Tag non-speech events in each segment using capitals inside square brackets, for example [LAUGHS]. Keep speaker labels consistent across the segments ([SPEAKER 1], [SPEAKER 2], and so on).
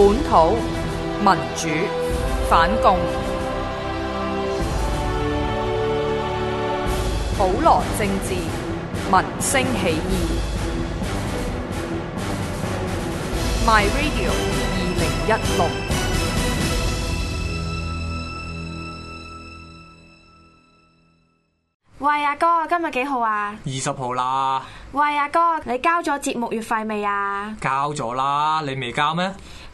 [SPEAKER 1] .本土民主反共，普羅政治民聲起義。My Radio 二零一六。
[SPEAKER 2] 喂，阿哥，今日幾號啊？
[SPEAKER 3] 二十號啦。
[SPEAKER 2] 喂，阿哥，你交咗節目月費未啊？
[SPEAKER 3] 交咗啦，你未交咩？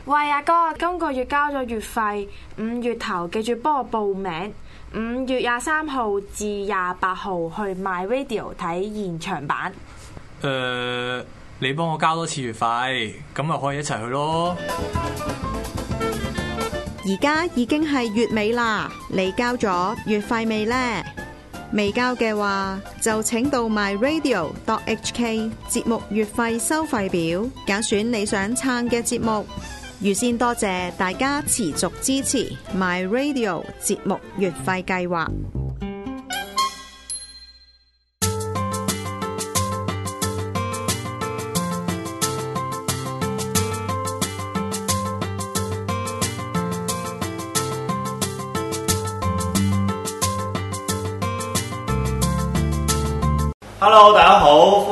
[SPEAKER 2] 喂，阿哥，今個月交咗月費，五月頭記住幫我報名。五月廿三號至廿八號去 my radio 睇現場版。
[SPEAKER 3] 誒、呃，你幫我交多次月費，咁咪可以一齊去咯。
[SPEAKER 2] 而家已經係月尾啦，你交咗月費未呢？未交嘅話就請到 my radio dot h k 節目月費收費表，揀選你想撐嘅節目。預先多謝大家持續支持 My Radio 節目月費計劃。
[SPEAKER 1] Hello，大家好。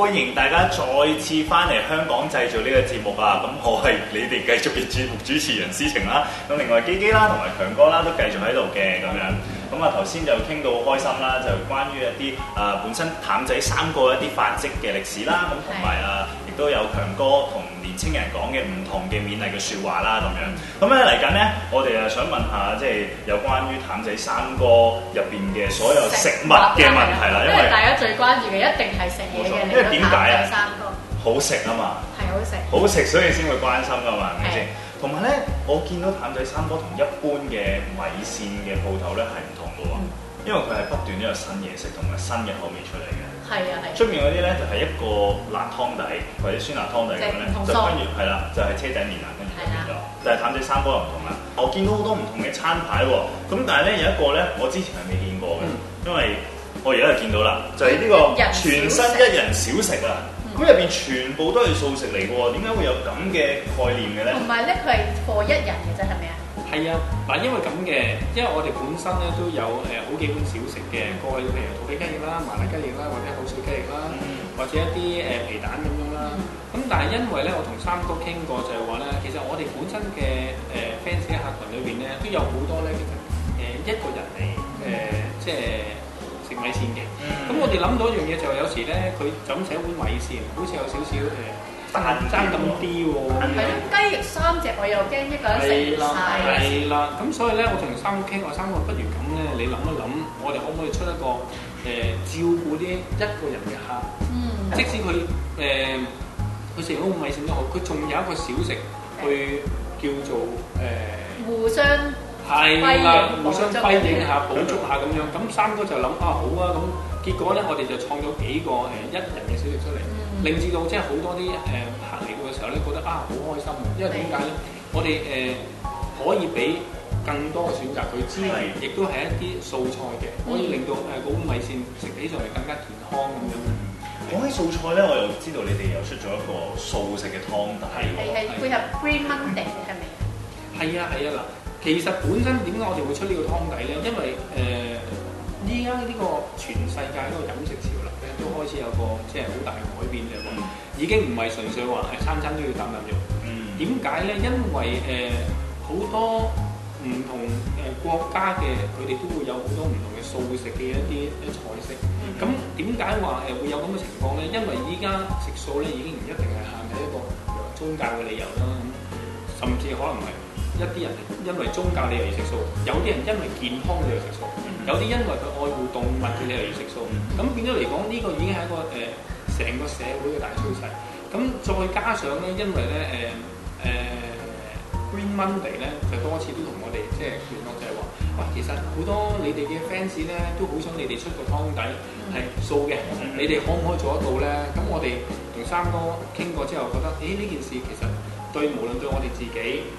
[SPEAKER 1] 歡迎大家再次翻嚟《香港製造》呢個節目啊！咁我係你哋繼續嘅節目主持人思晴啦，咁另外基基啦同埋強哥啦都繼續喺度嘅咁樣。咁啊頭先就傾到好開心啦，就關於一啲啊、呃、本身譚仔三哥一啲發跡嘅歷史啦，咁同埋啊。都有強哥同年青人講嘅唔同嘅勉勵嘅説話啦，咁樣。咁咧嚟緊呢，我哋啊想問下，即係有關於譚仔三哥入邊嘅所有食物嘅問題啦，因為大家
[SPEAKER 2] 最關注嘅一定係食嘢嘅，因為點解啊？譚仔三哥，
[SPEAKER 1] 好食啊嘛，
[SPEAKER 2] 係好食，
[SPEAKER 1] 好食所以先會關心噶嘛，係咪先？同埋呢，我見到譚仔三哥同一般嘅米線嘅鋪頭呢係唔同嘅喎，因為佢係不斷都有新嘢食同埋新嘅口味出嚟嘅。
[SPEAKER 2] 係啊，係出
[SPEAKER 1] 面嗰啲咧就係一個辣湯底或者酸辣湯底咁咧，就跟住係啦，的就係車仔麵啦，跟住變咗，就係譚仔三哥又唔同啦。我見到好多唔同嘅餐牌喎，咁但係咧有一個咧，我之前係未見過嘅，嗯、因為我而家就見到啦，就係、是、呢個全新一人小食啊！咁入邊全部都係素食嚟嘅喎，點解會有咁嘅概念嘅咧？同埋咧，佢係個一
[SPEAKER 2] 人嘅啫，係咪啊？
[SPEAKER 1] 係啊，嗱，因為咁嘅，因為我哋本身咧都
[SPEAKER 3] 有誒、呃、好幾款小食嘅，個譬如土匪雞翼啦、麻辣雞翼啦，或者口水雞翼啦，嗯、或者一啲誒、呃、皮蛋咁樣啦。咁、嗯、但係因為咧，我同三哥傾過就係話咧，其實我哋本身嘅誒 fans 嘅客群裏邊咧都有好多咧，其實誒、呃、一個人嚟誒、嗯呃、即係食米線嘅。咁、嗯、我哋諗到一樣嘢就係有時咧，佢就咁寫一碗米線，好似有少少誒。難爭咁啲喎，係咯，雞翼三
[SPEAKER 2] 隻我又驚一個人食唔曬，係
[SPEAKER 3] 啦，咁所以咧，我同三哥傾，我三哥不如咁咧，你諗一諗，我哋可唔可以出一個誒照顧啲一個人嘅客，嗯，即使佢誒佢食好唔係，食得好，佢仲有一個小食去叫做誒
[SPEAKER 2] 互相係啦，互相輝映下補足
[SPEAKER 3] 下咁樣，咁三哥就諗啊好啊咁，結果咧我哋就創咗幾個誒一人嘅小食出嚟。令至到即係好多啲誒客嚟到嘅時候咧，覺得啊好開心，因為點解咧？的我哋誒、呃、可以俾更多嘅選擇佢之餘亦都係一啲
[SPEAKER 1] 素菜嘅，嗯、可以令到誒嗰碗米線食起上嚟更加健康咁樣。講起的素菜咧，我又知道你哋又出咗一個素食嘅湯底。係係配合
[SPEAKER 2] Green Monday 係咪？
[SPEAKER 3] 係啊係啊嗱，其實本身點解我哋會出個呢個湯底咧？因為誒依家呢個全世界呢個飲食。都開始有個即係好大改變嘅，嗯、已經唔係純粹話誒餐餐都要啖啖肉。點解咧？因為誒好、呃、多唔同誒國家嘅佢哋都會有好多唔同嘅素食嘅一啲一菜式。咁點解話誒會有咁嘅情況咧？因為依家食素咧已經唔一定係限喺一個宗教嘅理由啦，甚至可能係。一啲人因為宗教理由要食素，有啲人因為健康理由食素，mm hmm. 有啲因為佢愛護動物理由要食素。咁、mm hmm. 變咗嚟講，呢、這個已經係一個誒成、呃、個社會嘅大趨勢。咁再加上咧，因為咧誒誒 Green Monday 咧，就多次都同我哋即係聯絡，就係、是、話，哇，其實好多你哋嘅 fans 咧，都好想你哋出個湯底係素嘅。Mm hmm. 你哋可唔可以做得到咧，咁我哋同三哥傾過之後，覺得誒呢、欸、件事其實。所以無論對我哋自己，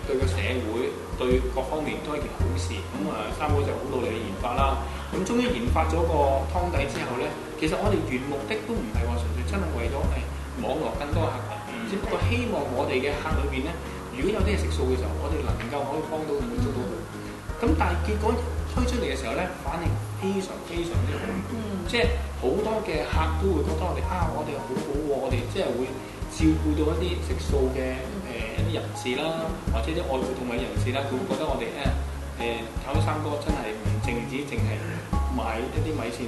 [SPEAKER 3] 對個社會，對各方面都係一件好事。咁啊、嗯，三個就好努力去研發啦。咁終於研發咗個湯底之後咧，其實我哋原目的都唔係話純粹真係為咗誒、哎、網絡更多客人，嗯、只不過希望我哋嘅客裏邊咧，如果有啲係食素嘅時候，我哋能夠可以幫到佢做到佢。咁、嗯、但係結果推出嚟嘅時候咧，反應非常非常之好，即係好多嘅客都會覺得我哋啊，我哋好好喎，我哋即係會。照顧到一啲食素嘅誒、呃、一啲人士啦，或者啲愛護動物人士啦，佢會,會覺得我哋咧誒譚仔三哥真係唔淨止淨係賣一啲米線，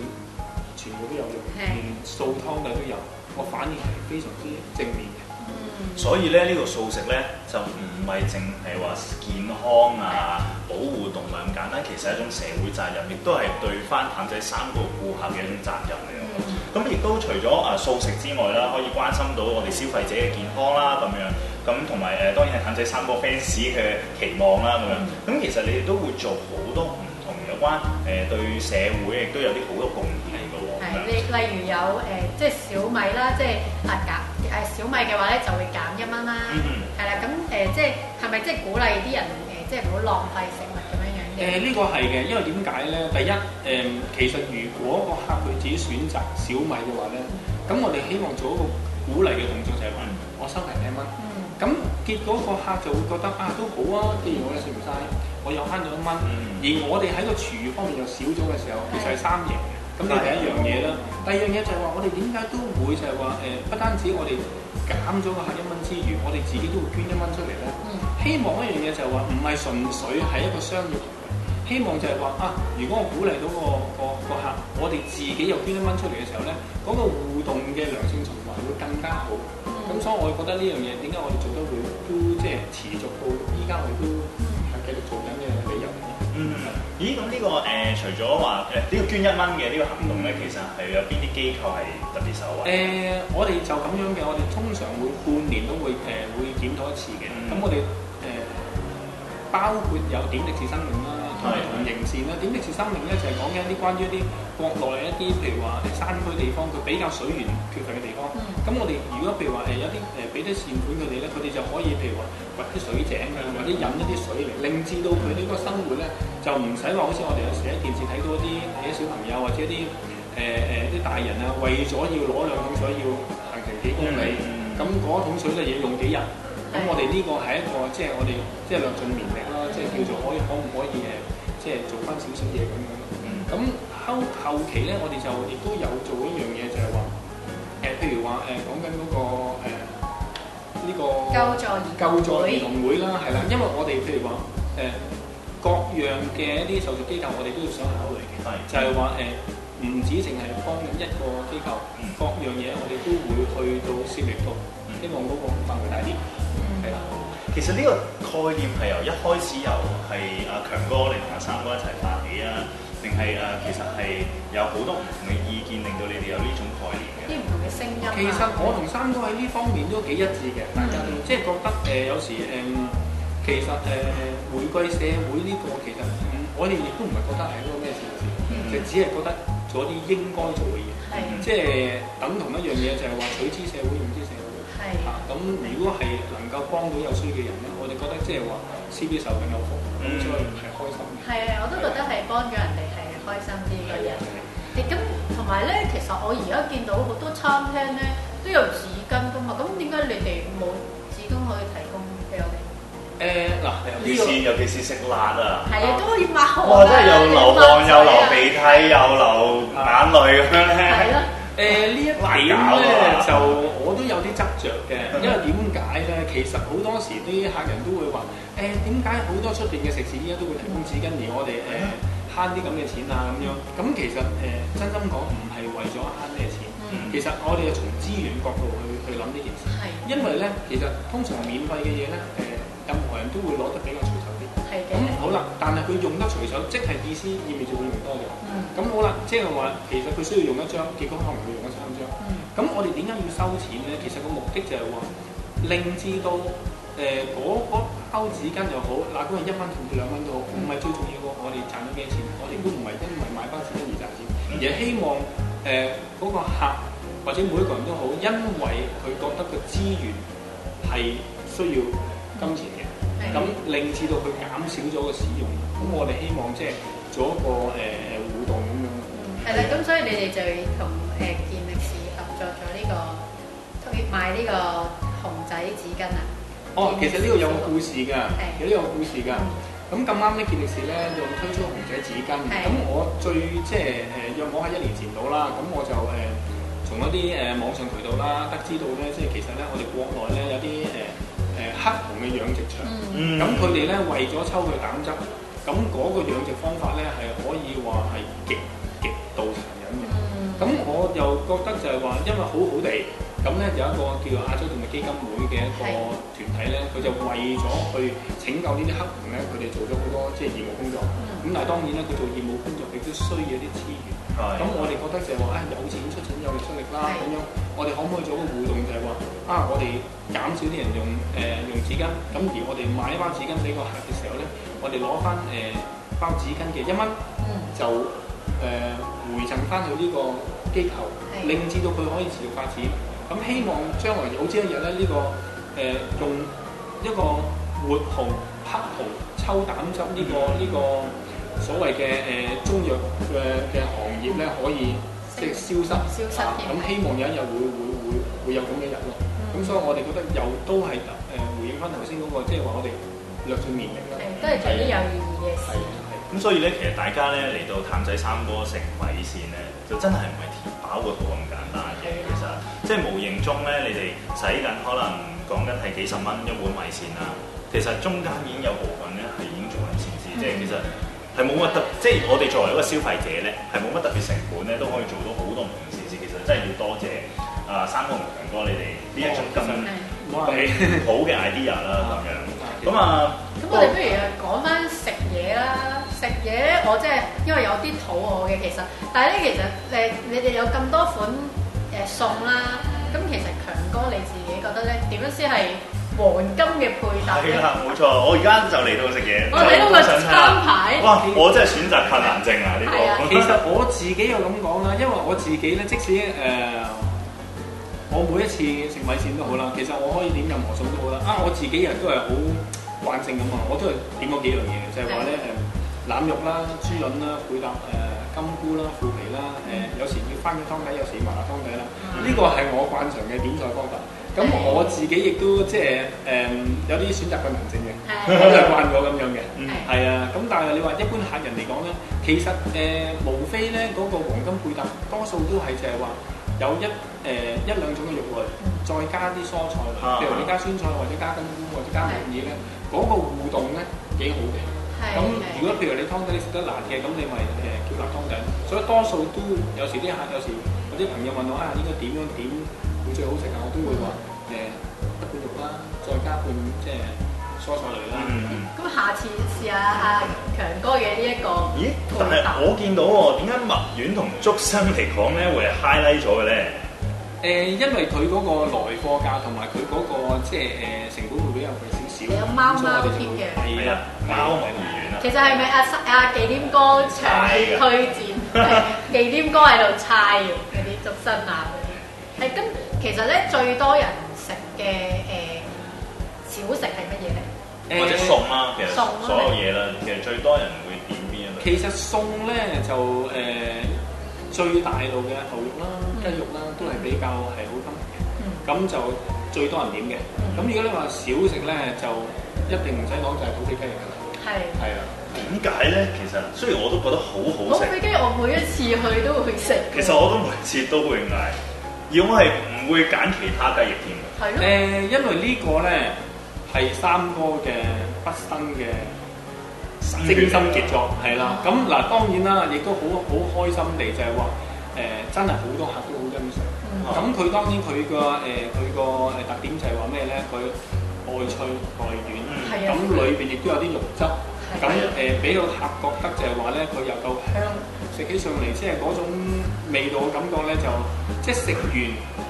[SPEAKER 3] 全部都有用，的連素湯底都有，
[SPEAKER 1] 我反而係非常之正面嘅。嗯、所以咧呢、呢個素食咧就唔係淨係話健康啊，保護動物咁簡單，其實係一種社會責任，亦都係對翻譚仔三哥顧客嘅一種責任嚟。嗯咁亦都除咗啊素食之外啦，可以關心到我哋消費者嘅健康啦，咁樣，咁同埋誒，當然係譚仔三哥 fans 嘅期望啦，咁樣，咁、嗯、其實你哋都會做好多唔同有關誒對社會亦都有啲好多貢獻嘅
[SPEAKER 2] 係你例如有誒即係小米啦，即係壓價誒小米嘅話咧、嗯嗯呃，就會減一蚊啦。嗯，係、呃、啦，咁誒即係係咪即係鼓勵啲人誒即係唔好浪費食？
[SPEAKER 3] 誒呢、呃這個係嘅，因為點解咧？第一，誒、呃、其實如果個客佢自己選擇小米嘅話咧，咁我哋希望做一個鼓勵嘅動作就，就係話我收平兩蚊，咁、嗯嗯、結果個客就會覺得啊都好啊，既然我哋食唔晒，我又慳咗一蚊，嗯、而我哋喺個廚餘方面又少咗嘅時候，其實係三贏嘅。咁呢係一樣嘢啦。嗯、第二樣嘢就係話，我哋點解都會就係話誒，不單止我哋減咗個客一蚊之餘，我哋自己都會捐一蚊出嚟咧。嗯、希望一樣嘢就係話，唔係純粹係一個商業。希望就係話啊！如果我鼓勵到個個個客，我哋自己又捐一蚊出嚟嘅時候咧，嗰、那個互動嘅良性循環會更加好。咁、嗯嗯、所以，我覺得呢樣嘢點解我哋做得會都即係持續到
[SPEAKER 1] 依家，我哋都係繼續做緊嘅理由。嗯、咦？
[SPEAKER 3] 咁
[SPEAKER 1] 呢個誒，除咗話誒呢個捐一蚊嘅呢個行動咧，其實係有邊啲機構係特別受惠？誒、嗯嗯呃，我哋就咁樣嘅，我哋通常會半年都會誒、呃、會檢討一次嘅。咁我哋誒
[SPEAKER 3] 包括有點滴是生命啦。係同形善啦，點解設三零咧？就係講緊一啲關於一啲國內一啲，譬如話啲山區地方，佢比較水源缺乏嘅地方。咁、嗯、我哋如果譬如話誒有啲誒俾啲善款佢哋咧，佢哋就可以譬如話掘啲水井啊，或者引一啲水嚟，令至到佢呢個生活咧就唔使話好似我哋有時喺電視睇到一啲誒、嗯、小朋友或者一啲誒誒啲大人啊，為咗要攞兩桶水要行成幾公里，咁嗰、嗯嗯、桶水咧亦用幾日。咁我哋呢個係一個即係、就是、我哋即係量盡綿力啦，即係叫做可以可唔可以誒，即、就、係、是、做翻少少嘢咁樣。咁後、嗯、後期咧，我哋就亦都有做一樣嘢，就係話誒，譬、呃、如話誒、呃、講緊、那、嗰個呢、呃這個
[SPEAKER 2] 救助救
[SPEAKER 3] 助兒童會,會啦，係啦，因為我哋譬如話誒、呃、各樣嘅一啲受助機構，我哋都要想考慮嘅，對就係話誒唔止淨係幫緊一個機構，嗯、各樣嘢我哋都會
[SPEAKER 1] 去到善力度，希望嗰個範圍大啲。其實呢個概念係由一開始由係阿強哥你同阿三哥一齊發起啊，定係誒其實係有好多唔同嘅意見令到你哋有呢種概念嘅？
[SPEAKER 2] 啲唔同嘅聲音、啊其呃嗯。其
[SPEAKER 3] 實我同三哥喺呢方面都幾一致嘅，大家即係覺得誒有時誒，其實誒回饋社會呢，這個，其實、嗯、我哋亦都唔係覺得係一個咩事，嗯、就只係覺得做啲應該做嘅嘢，嗯嗯、即係等同一樣嘢就係、是、話取之社會用之社會。嚇咁如果係能夠幫到有需要嘅人咧，我哋覺得即係話，施比受更有福，咁所以係開
[SPEAKER 2] 心嘅。係啊，我都覺得係幫咗人哋係開心啲嘅嘢。咁，同埋咧，其實我而家見到好多餐廳咧都有紙巾噶嘛，咁點解你哋冇紙巾可以提供俾我
[SPEAKER 1] 哋？誒嗱，啲先，尤其是食辣啊，係啊，都
[SPEAKER 2] 要抹哇！真係又流汗又流鼻涕
[SPEAKER 1] 又流眼淚咁樣咧。係咯。誒呢哇一點咧，就我都
[SPEAKER 3] 有啲執着嘅。 [LAUGHS] 因為點解咧？其實好多時啲客人都會話，誒、欸，點解好多出邊嘅食肆依家都會提供紙巾，而我哋誒慳啲咁嘅錢啊咁樣，咁其實誒、呃、真心講唔係為咗慳咩錢， [LAUGHS] 其實我哋係從資源角度去去諗呢件事， [LAUGHS] 因為咧，其實通常免費嘅嘢咧，誒、呃、任何人都會攞得比較隨手。咁、嗯、好啦，但係佢用得隨手，即係意思意味住會用多嘅。咁、嗯、好啦，即係話其實佢需要用一張，結果可能會用咗三張。咁、嗯、我哋點解要收錢咧？其實個目的就係話，令至到誒嗰個包紙巾又好，嗱，嗰人一蚊同佢兩蚊都好，唔係、嗯、最重要嘅。我哋賺咗幾多錢？嗯、我哋都唔係因為買包紙巾而賺錢，嗯、而係希望誒嗰、呃嗰個客或者每一個人都好，因為佢覺得個資源係需要金錢。嗯咁、嗯、令至到佢減少咗個使用，咁我哋希望即係做一個誒互動咁樣。係啦、嗯，咁所，、嗯、所以你
[SPEAKER 2] 哋就同誒健力士
[SPEAKER 3] 合作咗呢、這個，特別賣呢個熊仔紙巾啊。哦，其實呢個有個故事㗎，有呢個故事㗎。咁咁啱咧，健力士咧又推出熊仔紙巾。咁我最即係誒約摸喺一年前到啦，咁我就誒、呃、從一啲誒網上渠道啦，得知到咧，即係其實咧，我哋國內咧有啲誒。呃呃黑熊嘅養殖場，咁佢哋咧為咗抽佢膽汁，咁嗰個養殖方法咧係可以話係極極度殘忍嘅。咁我又覺得就係話，因為好好地，咁咧有一個叫做亞洲動物基金會嘅一個團體咧，佢就為咗去拯救呢啲黑熊咧，佢哋做咗好多即係業務工作。咁但係當然咧，佢做業務工作亦都需要啲資源。咁我哋覺得就係話，啊有錢出錢，有力出力啦，咁樣我哋可唔可以做個互動就係話？啊！我哋減少啲人用誒、呃、用紙巾，咁而我哋買一包紙巾俾個客嘅時候咧，我哋攞翻誒包紙巾嘅一蚊，嗯、就誒、呃、回贈翻去呢個機構，嗯、令至到佢可以持續發展。咁希望將來有朝一日咧，呢、呢個誒、呃、用一個活熊黑熊抽膽汁呢、呢個呢、嗯呢個呢個所謂嘅誒、呃、中藥嘅嘅、呃、行業咧，可以。即係消失，消失，咁希望有一日會會會會有咁嘅日咯。咁所以我哋覺得又都係誒回應翻頭先嗰個，即係話我哋略盡綿力咯。
[SPEAKER 1] 都係做啲有意義嘅事。係啊係。咁所以咧，其實大家咧嚟到譚仔三哥食米線咧，就真係唔係填飽個肚咁簡單嘅。其實，即係無形中咧，你哋使緊可能講緊係幾十蚊一碗米線啦。其實中間已經有部分咧係已經做緊善事。即係其實。係冇乜特別，即係我哋作為一個消費者咧，係冇乜特別成本咧，都可以做到好多唔同嘅善事。其實真係要多謝啊，三哥同強哥你哋呢一種咁好嘅 idea 啦，咁、oh, okay. 樣。咁啊，
[SPEAKER 2] 咁我哋不如啊講翻食嘢啦。食嘢我真、就、係、是、因為有啲肚餓嘅，其實，但係咧其實誒，你哋有咁多款誒餸啦，咁其實強哥你自己覺得咧，點樣先係？黃金
[SPEAKER 1] 嘅配搭係啊，冇錯，我而家就嚟到食嘢。哦、是是我嚟到嘅餐牌，哇！我真係選擇困難症啊！呢、呢個其實我自己又咁講啦，因為我自己咧，即使誒、呃，我每
[SPEAKER 3] 一次食米線都好啦，其實我可以點任何餸都好啦。啊，我自己人都係好慣性咁啊，我都係點嗰幾樣嘢，就係話咧誒，腩、呃、肉啦、豬膶啦、配搭誒。呃金菇啦、腐皮啦，誒、嗯呃、有時要番茄湯底，有時麻辣湯底啦。呢、嗯、個係我慣常嘅點菜方法。咁、嗯、我自己亦都即係誒有啲選擇困難症嘅，都係慣咗咁樣嘅。嗯，係啊。咁但係你話一般客人嚟講咧，其實誒、呃、無非咧嗰、那個黃金配搭，多數都係就係話有一誒、呃、一兩種嘅肉類，再加啲蔬菜，譬、嗯、如你加酸菜或者加金菇或者加木耳咧，嗰、嗯那個互動咧幾好嘅。咁如果譬如你湯底食得辣嘅，咁你咪誒叫辣湯底。所以多數都有，有時啲客，有時我啲朋友問我啊，應該點樣點會最好食啊？我都會話誒半肉啦，嗯嗯、再加半即係蔬菜類啦。
[SPEAKER 2] 咁、嗯、下次試下強哥嘅呢一個。咦？但係我
[SPEAKER 1] 見到喎，點解墨丸同竹笙嚟講咧會 highlight 咗嘅咧？誒，因為佢嗰個來貨價同埋佢嗰個即係誒成本會比較貴少少，所以我哋嘅？係啦，貓咪唔遠啦。
[SPEAKER 2] 其實係咪阿阿忌廉哥長推薦對的、 [LAUGHS] 欸？忌廉哥喺度猜嗰啲竹笙啊嗰啲。係咁，其實咧最多人食嘅誒小食係乜嘢咧？
[SPEAKER 1] 或者餸啦，其實菜 吧所有嘢啦，其實最多人會點邊啊？其實餸咧就
[SPEAKER 3] 誒、呃、最大路嘅牛肉啦。雞肉啦，都係比較係好筋，咁、嗯、就最多人點嘅。咁、嗯、如果你話少食咧，就一定唔使講
[SPEAKER 1] 就係土匪雞翼
[SPEAKER 2] 噶
[SPEAKER 1] 啦。係係啦。點解咧？其實雖然我都覺得好好食。土匪
[SPEAKER 2] 雞我每一次去都會食。
[SPEAKER 1] 其實我都每次都會嗌，而我係唔會揀其他雞翼添嘅。係咯的。誒、呃，因為個呢個咧係三哥嘅畢
[SPEAKER 3] 生嘅精心傑作，係啦、啊。咁嗱、啊嗯，當然啦，亦都好好開心地就係話。誒真係好多客都好欣賞。咁佢當然佢個誒佢個誒特點就係話咩咧？佢外脆外軟，咁裏邊亦都有啲肉汁。咁誒俾個客覺得就係話咧，佢又夠香，食起上嚟即係嗰種味道嘅感覺咧，就即係食完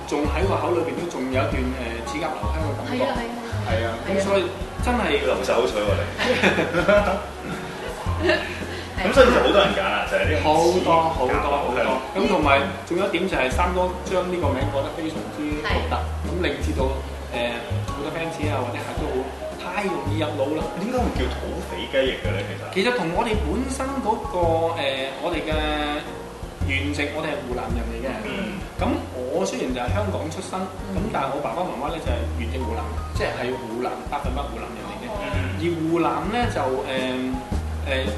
[SPEAKER 3] 仲喺個口裏邊都仲有一段誒齒頰留香嘅感覺，係啊，咁所以真係流曬口水喎
[SPEAKER 2] 你。咁所以就
[SPEAKER 3] 好多人揀啊，就係啲好多好多好多，咁同埋仲有一點就係三哥將呢個名改得非常之獨特，咁令至到誒好多 fans 啊或者客都好太容易入腦啦。點解唔叫土匪雞翼嘅咧？其實其實同我哋本身嗰個我哋嘅原籍，我哋係湖南人嚟嘅。咁我雖然就係香港出生，咁但係我爸爸媽媽咧就係原籍湖南，即係湖南百分百湖南人嚟嘅。而湖南咧就誒誒。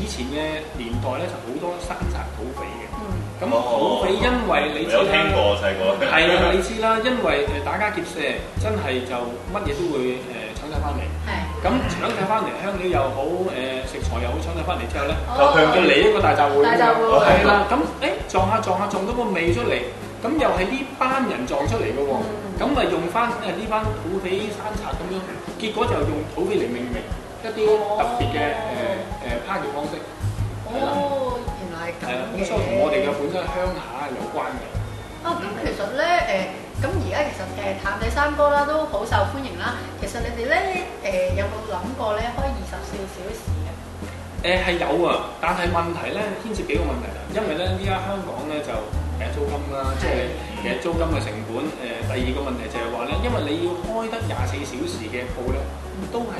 [SPEAKER 3] 以前嘅年代咧就好多山賊土匪嘅，咁土匪因為你知，有聽過細個？係啊，你知啦，因為誒打家劫舍，真係就乜嘢都會誒搶曬翻嚟。係。咁搶曬翻嚟，香料又好，誒食材又好，搶曬翻嚟之後咧，就向咗你一個大集會。大集會。係啦，咁誒撞下撞下撞到個味出嚟，咁又係呢班人撞出嚟嘅喎，咁咪用翻誒呢班土匪山賊咁樣，結果就用土匪嚟命名。一啲特別嘅誒誒烹
[SPEAKER 2] 調方式。哦，原來係咁。咁所以同我哋嘅本
[SPEAKER 3] 身鄉下係有關嘅。啊，
[SPEAKER 2] 咁其實咧誒，咁而家其實誒譚仔三哥啦都好受歡迎啦。其實你哋咧誒有冇諗
[SPEAKER 3] 過咧開二十四小時嘅？誒係有啊，但係問題咧牽涉幾個問題啊。因為咧而家香港咧就其實租金啦，即係其實租金嘅成本。誒第二個問題就係話咧，因為你要開得廿四小時嘅鋪咧，都係。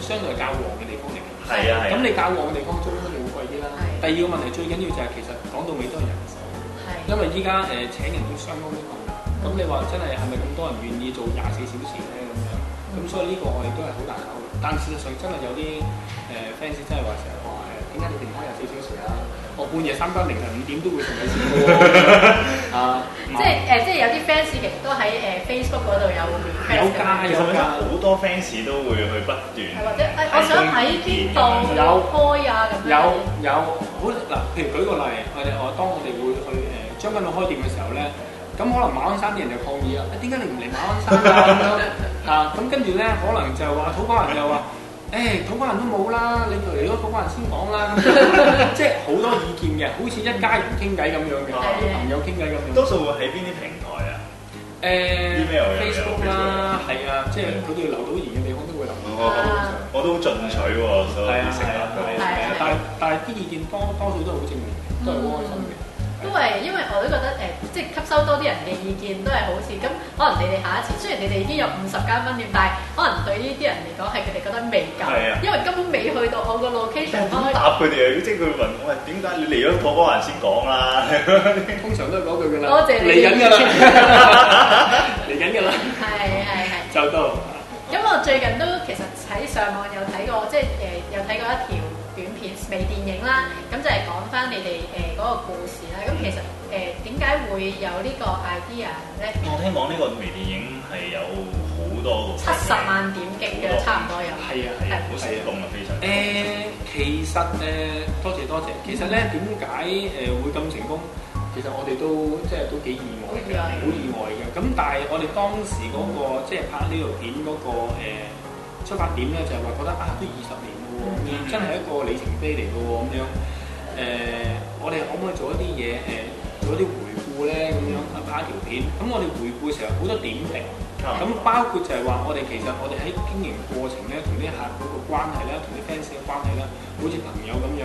[SPEAKER 3] 相對較旺嘅地方嚟嘅，係啊，咁你較旺嘅地方租出嚟會貴啲啦。啊、第二個問題、啊、最緊要就係其實講到尾都係人手，啊、因為依家誒請人都相當之困難，咁你話真係係咪咁多人願意做廿四小時咧咁樣？咁、嗯、所以呢個我哋都係好難搞。但事實上真係有啲誒 fans 真係話成日話誒，點解你唔開廿四小時啊？我半夜
[SPEAKER 1] 三更凌晨五點都會送嘢食。啊，即係誒，即
[SPEAKER 2] 係有啲 fans 其實都喺誒 Facebook 嗰度有有加嘅。
[SPEAKER 1] 好多 fans 都
[SPEAKER 2] 會去不
[SPEAKER 1] 斷。係或者誒，我想喺邊度有
[SPEAKER 3] 開啊咁樣。有有好嗱，譬如舉個例，我哋我當我哋會去誒將軍澳開店嘅時候咧，咁可能馬鞍山啲人就抗議啊，點解你唔嚟馬鞍山㗎咁樣？啊，咁跟住咧，可能就係話土瓜灣人又話。誒，統一人都冇啦，你嚟咗統人先講啦，即係好多意見嘅，好似一家人傾偈咁樣嘅，朋友傾偈咁樣，多數會喺邊啲平台啊？誒，email 誒，Facebook 啦，係啊，即係佢哋留到言嘅地方都會留到，我
[SPEAKER 1] 都好進取喎，所以識下佢哋。但係但係啲意見多多少都好正面
[SPEAKER 2] 嘅，都係開心嘅。因為因為我都覺得誒，即係吸收多啲人嘅意見都係好事。咁可能你哋下一次，雖然你哋已經有五十間分店，但係可能對呢啲人嚟講係佢哋覺得未夠，因為根本未去到我個 location。點答
[SPEAKER 1] 佢哋，即係佢問我，點解你嚟咗廣州人先講啦？通常都係講句㗎啦。多謝你嚟緊㗎啦，嚟緊
[SPEAKER 2] 㗎啦。係係係。就到。咁我最近都其實喺上網有睇過，即係誒有睇過一條。微電
[SPEAKER 1] 影啦，咁就係講翻你哋誒嗰個故事啦。咁其實誒點解會有呢個 idea 咧？我聽講呢
[SPEAKER 2] 個微電影係有好多七十萬點擊嘅，差
[SPEAKER 1] 唔
[SPEAKER 3] 多有，係啊，好成功啊，非常誒。其實誒，多謝多謝。其實咧，點解誒會咁成功？其實我哋都即係都幾意外嘅，好意外嘅。咁但係我哋當時嗰個即係拍呢條片嗰個誒出發點咧，就係話覺得啊，都二十年。嗯、真係一個里程碑嚟嘅喎，咁樣誒、呃，我哋可唔可以做一啲嘢誒，做一啲回顧咧，咁樣、啊、拍一條片。咁我哋回顧成日好多點評，咁、嗯、包括就係話我哋其實我哋喺經營過程咧，同啲客戶嘅關係咧，同啲 fans 嘅關係咧，好似朋友咁樣，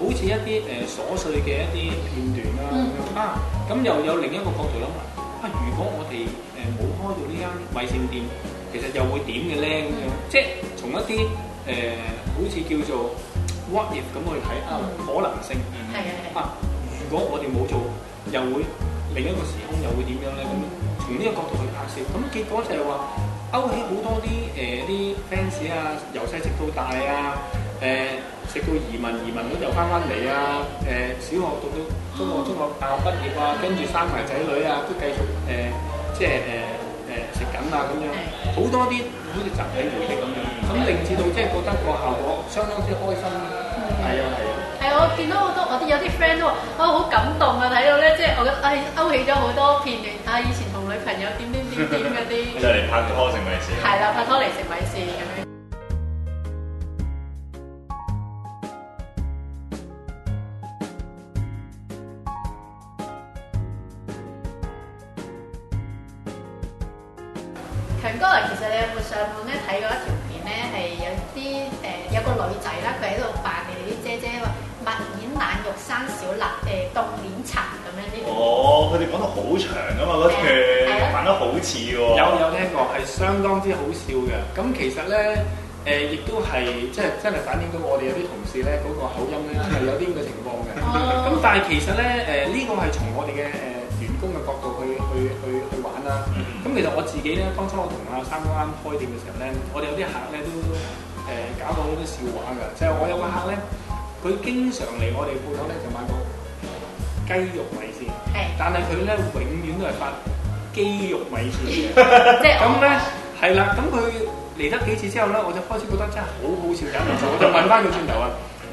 [SPEAKER 3] 好似一啲誒瑣碎嘅一啲片段啦咁樣啊。咁、啊、又有另一個角度諗啊，啊如果我哋誒冇開到呢間米線店，其實又會點嘅咧咁樣，即、就、係、係、從一啲。誒、呃，好似叫做 what if 咁去睇啊、嗯，可能性。係啊係啊。如果我哋冇做，又會另一個時空又會點樣咧？咁從呢個角度去拍攝，咁結果就係話勾起好多啲誒啲 fans 啊，由細食到大啊，誒、呃、食到移民移民咁又翻返嚟啊，誒、呃、小學讀到中學、嗯、中學大學畢業啊，嗯、跟住生埋仔女啊，都繼續誒、呃，即係誒。呃呃啊咁樣，好的多啲好似集體回憶咁樣，咁令樣的至到即係覺得個效果相當之開心。係啊係啊，
[SPEAKER 2] 係我見到好多我啲有啲 friend 都話啊，好感動啊，睇到咧，即係我覺得啊，勾起咗好多片段啊，以前同女朋友點點點點嗰啲，就嚟 [LAUGHS] [LAUGHS] 拍拖食米線，係啦的拍拖嚟食米線咁樣。我咧睇過一條片咧，係有啲誒有個女仔啦，佢喺度
[SPEAKER 1] 扮你哋啲姐姐喎，物演冷玉生小辣誒，凍檸茶咁樣呢個。哦，佢哋講得好
[SPEAKER 3] 長噶嘛，嗰條扮得好似喎。有有聽過，係相當之好笑嘅。咁其實咧，誒亦都係即係真係反映到我哋有啲同事咧嗰個口音咧係有啲咁嘅情況嘅。咁但係其實咧，誒呢個係從我哋嘅誒。工嘅角度去去去去玩啦、啊。咁、嗯、其實我自己咧，當初我同阿三哥啱開店嘅時候咧，我哋有啲客咧都誒、欸、搞到好多笑話㗎。就係、是、我有個客咧，佢經常嚟我哋鋪頭咧就買個雞肉米線。係是。但係佢咧永遠都係發雞肉米線嘅。即係， [LAUGHS] 呢。咁咧係啦。咁佢嚟得幾次之後咧，我就開始覺得真係好好笑，有唔錯。我就問翻佢轉頭啊。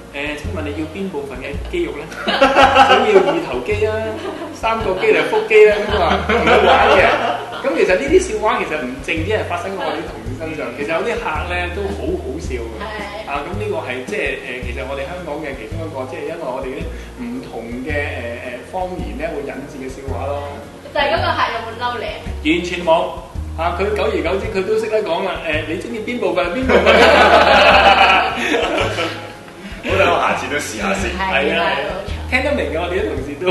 [SPEAKER 3] 誒、呃，請問你要邊部分嘅肌肉咧？ [LAUGHS] 想要二頭肌啊，三個肌定腹肌咧、啊？咁嘛，同佢玩嘅。咁 [LAUGHS] 其實呢啲笑話其實唔淨止係發生喺我哋同事身上， [LAUGHS] 其實有啲客咧都好好笑嘅。 [LAUGHS] 啊，咁呢個係即係誒，其實我哋香港嘅其中一個，即係因為我哋啲唔同嘅誒誒方言咧，會引致嘅笑話咯。但係嗰個
[SPEAKER 2] 客
[SPEAKER 3] 有冇嬲你？完全冇。啊，佢久而久之佢都識得講啦。誒、呃，你中意邊部分邊部分？ [LAUGHS] [LAUGHS]
[SPEAKER 2] 我下次都試下
[SPEAKER 3] 先，係啊，聽得明嘅，的我哋啲同事都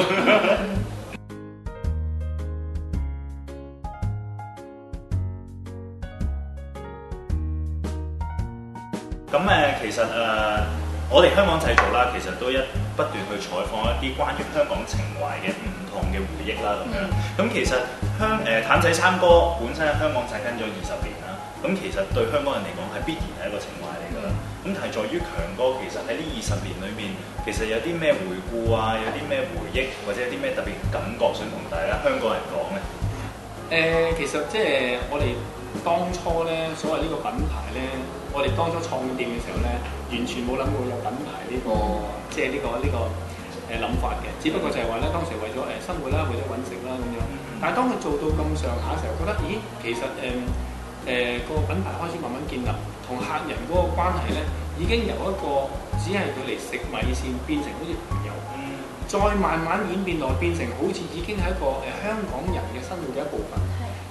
[SPEAKER 2] [LAUGHS] 。
[SPEAKER 1] 咁、呃、誒，其實誒、呃，我哋香港製造啦，其實都一不斷去採訪一啲關於香港情懷嘅唔同嘅回憶啦，咁樣。咁、嗯、其實香誒、呃、譚仔三哥本身喺香港扎根咗二十年啦，咁其實對香港人嚟講係必然係一個情懷嚟㗎。嗯問題在於強哥，其實喺呢二十年裏面，其實有啲咩回顧啊，有啲咩回憶，或者有啲咩特別感覺，想同大家香港人講咧？誒、呃，其實
[SPEAKER 3] 即係我哋當初咧，所謂呢個品牌咧，我哋當初創店嘅時候咧，完全冇諗過有品牌呢、這個，即係呢個呢、這個誒諗、呃、法嘅。只不過就係話咧，當時為咗誒生活啦，為咗搵食啦咁樣。但係當佢做到咁上下嘅時候，覺得咦，其實誒。呃誒個、呃、品牌開始慢慢建立，同客人嗰個關係呢，已經由一個只係佢嚟食米線變成好似朋友、嗯，再慢慢演變落去變成好似已經係一個誒、呃、香港人嘅生活嘅一部分。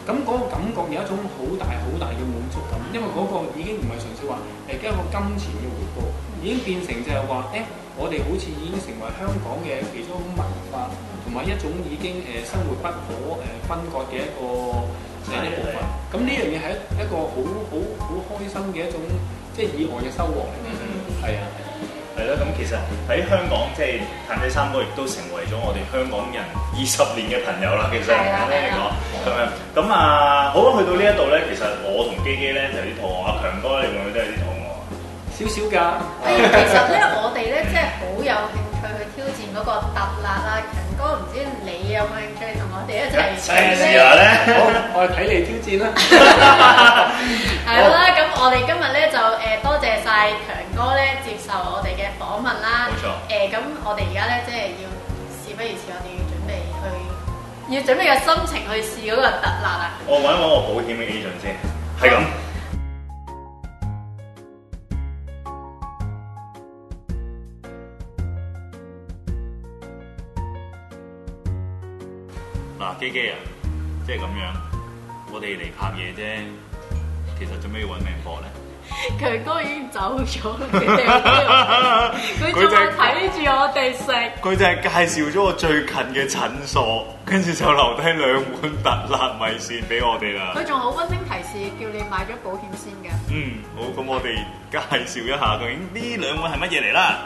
[SPEAKER 3] 咁、嗯、嗰、那個感覺有一種好大好大嘅滿足感，因為嗰個已經唔係純粹話誒、呃、一個金錢嘅回報，已經變成就係話誒，我哋好似已經成為香港嘅其中一種文化，同埋一種已經誒、呃、生活不可誒分割嘅一個部分，咁呢樣嘢係一一個好好好開心嘅一種，即係意外嘅收
[SPEAKER 1] 穫。嗯嗯，係啊，係咯。咁其實喺香港，即係譚仔三哥亦都成為咗我哋香港人二十年嘅朋友啦。其實聽你講，係咪？咁啊，好啊。去到呢一度咧，其實我同基基咧就有啲肚餓，阿、啊、強哥你會唔會都係有啲肚餓？少少㗎。啊、其
[SPEAKER 2] 實咧，我哋咧即係好有。 [LAUGHS] 佢去挑戰嗰個特辣啦，強哥，唔知你有冇興趣同
[SPEAKER 3] 我哋一齊試下咧？呢 [LAUGHS] 好，我睇你挑
[SPEAKER 2] 戰啦。係啦，咁我哋今日咧就誒多謝晒強哥咧接受我哋嘅訪問啦。冇錯。誒咁、嗯，我哋而家咧即係要事不宜遲，我哋要準備去，要準備個心情去試嗰個特辣啦。我
[SPEAKER 1] 揾一揾我保險嘅 Agent 先，係咁好。璣璣啊，即係咁樣，我哋嚟拍嘢啫。其實做咩要揾命搏咧。
[SPEAKER 2] 強哥已經走咗，
[SPEAKER 1] 佢仲
[SPEAKER 2] 話睇住我哋食。
[SPEAKER 1] 佢 [LAUGHS] 就係、是、介紹咗我最近嘅診所，跟住就留低兩碗特辣米線俾我哋啦。佢仲好溫馨提示，叫你買咗保
[SPEAKER 2] 險先
[SPEAKER 1] 嘅。嗯，好，咁我哋介紹一下究竟兩呢兩碗係乜嘢嚟啦。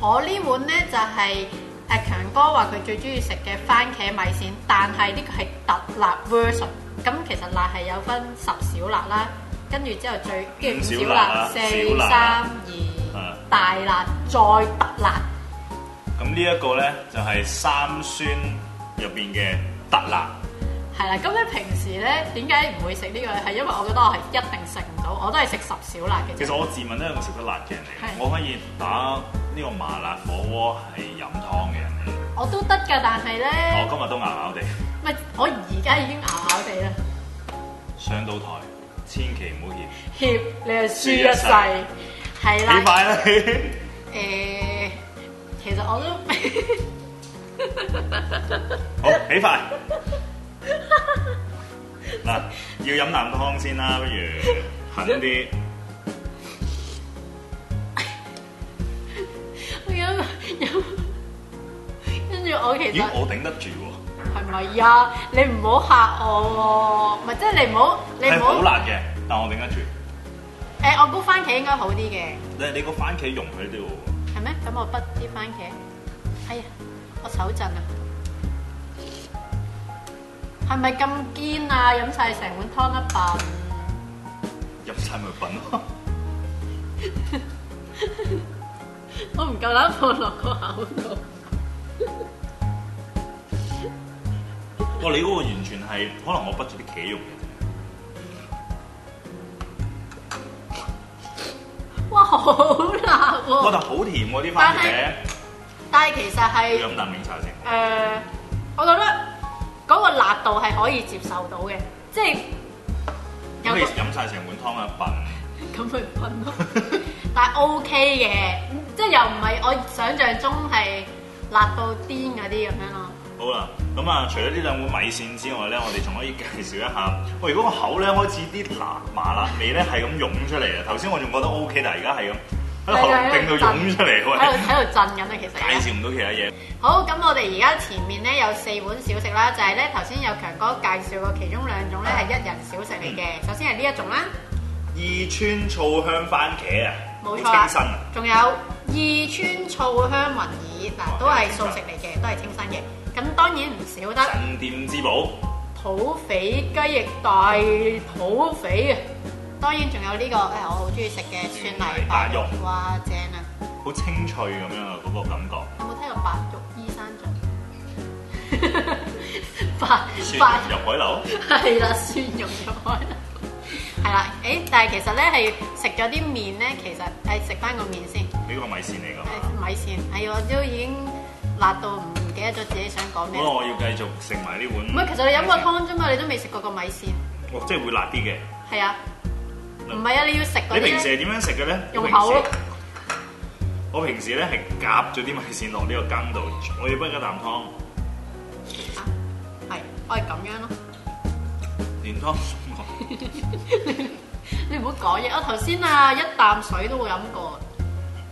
[SPEAKER 2] 我呢碗咧就係、是。阿強哥話佢最中意食嘅番茄米線，但係呢個係特辣 version。咁其實辣係有分十小辣啦，跟住之後最五小辣、四、辣三、
[SPEAKER 1] 二、
[SPEAKER 2] 大辣，的再特辣。
[SPEAKER 1] 咁呢一個咧就係、是、三酸入邊嘅特辣。
[SPEAKER 2] 係啦，咁你平時咧點解唔會食呢個咧？係因為我覺得我係一定食唔到，我都係食十小辣嘅。其實我
[SPEAKER 1] 自問咧，我食得辣嘅人嚟，的我可以打呢個麻辣火鍋係飲湯嘅人嚟。
[SPEAKER 2] 我都得㗎，但係咧。
[SPEAKER 1] 我今日都咬咬哋，
[SPEAKER 2] 唔係，我而家已經咬咬哋啦。
[SPEAKER 1] 上到台，千祈唔好
[SPEAKER 2] 怯。怯你係輸一世，係啦的。起筷啦！誒、欸，其實我都 [LAUGHS]
[SPEAKER 1] 好起筷。嗱，要飲啖湯先啦，不如狠啲。
[SPEAKER 2] 飲飲，跟住我其實。咦？我
[SPEAKER 1] 頂得住喎。
[SPEAKER 2] 係咪呀？你唔好嚇我，唔係即係你唔好，你唔好。係好辣
[SPEAKER 1] 嘅，但係我頂得住。誒，
[SPEAKER 2] 我煲番茄應該好啲嘅。
[SPEAKER 1] 你你個番茄融佢啲喎。
[SPEAKER 2] 係咩？咁我滗啲番茄。哎呀，我手震啊！係咪咁堅啊？飲曬成碗湯一啖，
[SPEAKER 1] 飲曬咪品咯。
[SPEAKER 2] 我唔夠膽放落個口
[SPEAKER 1] 度。哇！你嗰個完全係可能我畢咗啲茄肉
[SPEAKER 2] 嘅。哇！好辣喎！我覺得
[SPEAKER 1] 好甜喎啲番茄。但係，
[SPEAKER 2] 但係其實係兩啖奶茶先。誒，我覺得。嗰個辣度係可以接受到嘅，即係，你
[SPEAKER 1] 飲晒成碗湯啊笨！
[SPEAKER 2] 咁咪笨咯，但係 O K 嘅，即係又唔係我想像中係辣到癲嗰啲咁樣咯。
[SPEAKER 1] 好啦，咁啊，除咗呢兩碗米線之外咧，我哋仲可以介紹一下。喂、哦，如果個口咧開始啲辣麻辣味咧係咁湧出嚟嘅。頭先 [LAUGHS] 我仲覺得 OK，但係而家係咁。
[SPEAKER 2] 喺到湧出嚟，喺度喺度震緊啊！其實介
[SPEAKER 1] 紹唔到其他嘢。
[SPEAKER 2] 好，咁我哋而家前面咧有四碗小食啦，就係咧頭先有強哥介紹過，其中兩種咧係一人小食嚟嘅。嗯、首先係呢一種啦，
[SPEAKER 1] 二川醋香番茄啊，冇錯啊，
[SPEAKER 2] 仲、啊、有二川醋香雲耳嗱，都係素食嚟嘅，都係清新嘅。咁當然唔少得鎮
[SPEAKER 1] 店之寶
[SPEAKER 2] 土匪雞翼大土匪啊！當然仲有呢、這個誒，我
[SPEAKER 1] 好中意食嘅蒜泥、嗯、白玉肉。哇正啊！好清脆咁樣啊，嗰、那
[SPEAKER 2] 個感覺有冇聽過白玉醫生做 [LAUGHS] 白肉海柳係啦，蒜蓉肉海柳係啦。誒、 [LAUGHS] [LAUGHS] 欸，但係其實咧係食咗啲麵咧，其實誒食翻個麵先，
[SPEAKER 1] 呢個米線嚟㗎。
[SPEAKER 2] 米線係、哎、我都已經辣到唔唔記得咗自己想講咩。我我要
[SPEAKER 1] 繼續食埋呢碗。唔係，其實你飲個
[SPEAKER 2] 湯啫嘛，你都未食過個米線。
[SPEAKER 1] 我、哦、即係會辣啲嘅。
[SPEAKER 2] 係啊。唔係啊！你要食嘅。你平時係點
[SPEAKER 1] 樣食嘅咧？用口咯。我平時咧係夾咗啲米線落呢個羹度，我要杯一啖湯。
[SPEAKER 2] 係，我係咁樣咯。連湯。你唔好講嘢啊！我頭先啊，一啖水都冇飲過。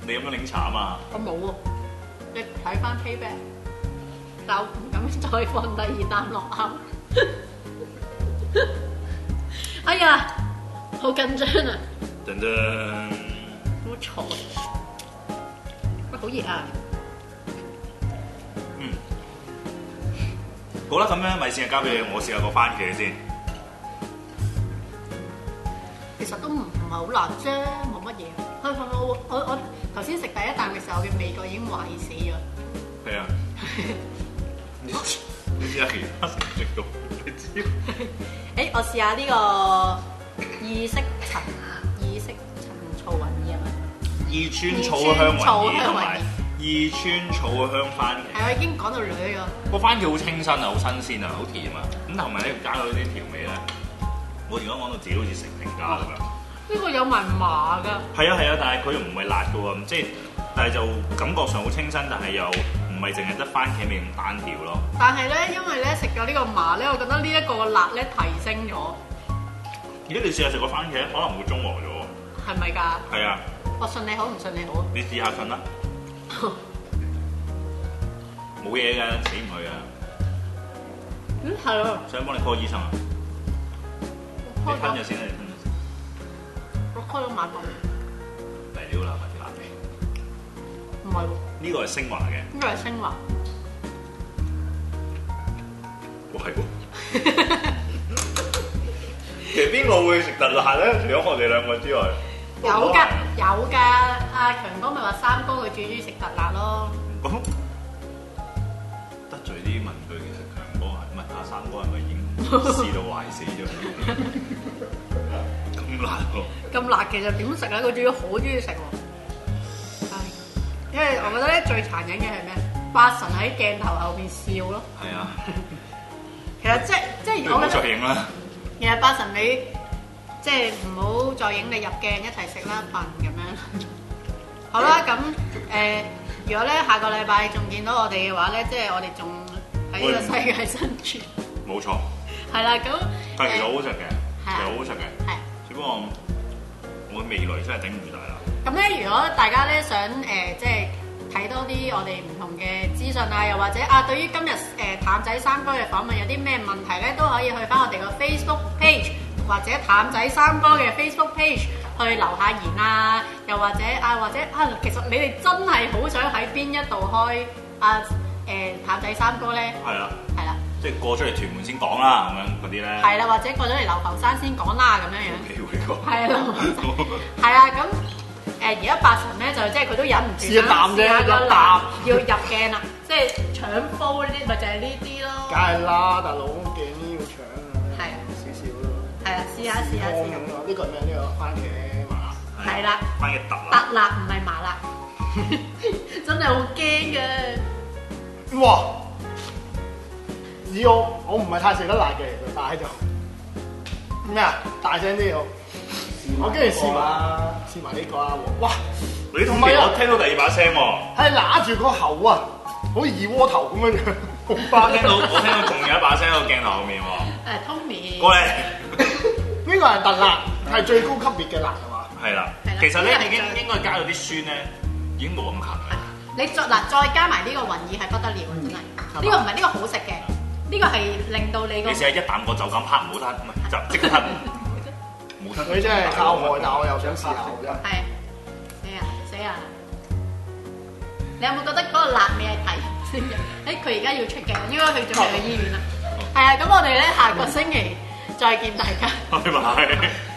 [SPEAKER 1] 你飲緊檸茶啊嘛。
[SPEAKER 2] 我冇喎，你睇翻 table，但係我唔敢再放第二啖落口。哎呀！好緊張
[SPEAKER 1] 啊！等等
[SPEAKER 2] 噔，好嘈，乜好熱啊！
[SPEAKER 1] 嗯，好啦，咁樣米線就交俾我試下個番茄先。
[SPEAKER 2] 其實都唔唔係好辣啫，冇乜嘢。我我我頭先食第一啖嘅時候嘅味覺已經壞死咗。
[SPEAKER 1] 係啊。你你又其他食到你知，我到你知 [LAUGHS] 、
[SPEAKER 2] 欸？我試下呢個。二色陳意式陳醋
[SPEAKER 1] 混意係咪，二川草,草,草香混意同埋二川草嘅香番茄，係啊，我
[SPEAKER 2] 已經講到女
[SPEAKER 1] 個。個番茄好清新啊，好新鮮啊，好甜啊。咁同埋咧加咗啲調味咧，我而家講到自己好似食評家咁啊。
[SPEAKER 2] 呢個有埋麻噶。
[SPEAKER 1] 係啊係啊，但係佢又唔係辣噶，即係，但係就感覺上好清新，但係又唔係淨係得番茄味，咁單調咯。
[SPEAKER 2] 但係咧，因為咧食嘅呢個麻咧，我覺得呢一個辣咧提升咗。
[SPEAKER 1] 如果你試下食個番茄，可能會中和咗
[SPEAKER 2] 喎。係咪㗎？係啊的。我信你好唔信你好？
[SPEAKER 1] 你試下信啦。冇嘢㗎，死唔去啊！嗯，係咯。想幫你 call 個醫生啊？你吞咗先啦，你吞咗先。我開咗買飯。嚟料啦，
[SPEAKER 2] 買啲辣味。唔
[SPEAKER 1] 係喎。呢個係升華嘅。呢個
[SPEAKER 2] 係升
[SPEAKER 1] 華。我睇過。邊個會食特辣咧？除咗我哋兩個之外，
[SPEAKER 2] 有㗎有㗎。阿強哥咪話三哥佢最中意食特辣咯。咁
[SPEAKER 1] 得罪啲問佢，其實強哥係咪阿三哥係咪已經試到壞死咗？咁
[SPEAKER 2] 辣㗎？咁辣其實點食啊？佢仲要好中意食喎。唉，因為我覺得咧最殘忍嘅係咩？八神喺鏡頭後面笑咯。係啊。其實即即如果咧。都唔出影啦。其實八神你即係唔好再影你入鏡一齊食啦，笨咁樣。好啦，咁誒，如果咧下個禮拜仲見到我哋嘅話咧，即係我哋仲喺呢個世界生存。冇錯。係啦，咁誒，好好食
[SPEAKER 1] 嘅，好好食嘅。係。只不過我嘅味蕾真係頂唔住大啦。
[SPEAKER 2] 咁咧，如果大家咧想誒，即係睇多啲我哋唔同嘅資訊啊，又或者啊，對於今日誒譚仔三哥嘅訪問有啲咩問題咧，都可以去翻我哋個 Facebook。或者譚仔三哥嘅 Facebook page 去留下言啊，又或者啊，或者啊，其實你哋真係好想喺邊一度開啊，誒譚仔三哥咧？係啊，係啦，
[SPEAKER 1] 即係過咗嚟屯門先講啦，咁樣嗰啲咧？係
[SPEAKER 2] 啦，或者過咗嚟流浮山先講啦，咁樣樣未去過？係咯，係啊，咁誒而家八成咧就即係佢都忍唔住一啖啫，一啖要入鏡啦，即係搶煲嗰啲咪就係呢啲
[SPEAKER 3] 咯，梗係啦，大佬勁！
[SPEAKER 2] 係啊，試下試下。試下呢個咩？呢個番茄麻辣。係啦。番茄特特辣，唔係麻辣。真係好驚嘅。哇！Yo，我唔係太食得辣嘅，
[SPEAKER 1] 就戴喺度咩啊？大聲啲哦！我跟住試下，試埋呢個啊！哇！你同埋我聽到第二把聲喎。係揦住個口啊，好似二鍋頭咁樣。我聽到，我聽到仲有一把聲喺個鏡頭後面喎。係，Tommy。過嚟。呢個係特辣，係最高級別嘅辣啊嘛！係啦，其實咧，你應應該加咗啲酸咧，已經冇咁鹹
[SPEAKER 2] 啦。你再嗱再加埋呢個雲耳係不得了，真係！呢個唔係呢個好食嘅，呢個係令到你個。你試
[SPEAKER 1] 下一啖過就咁拍好得，唔係就即刻拍
[SPEAKER 2] 冇得。佢真係靠
[SPEAKER 1] 害，但我又想試
[SPEAKER 2] 下。係，咩啊？死啊！你有冇覺得嗰個辣味係睇？誒，佢而家要出嘅，應該去準備去醫院啦。係啊，咁我哋咧下個星期。再見，
[SPEAKER 1] 大家拜拜。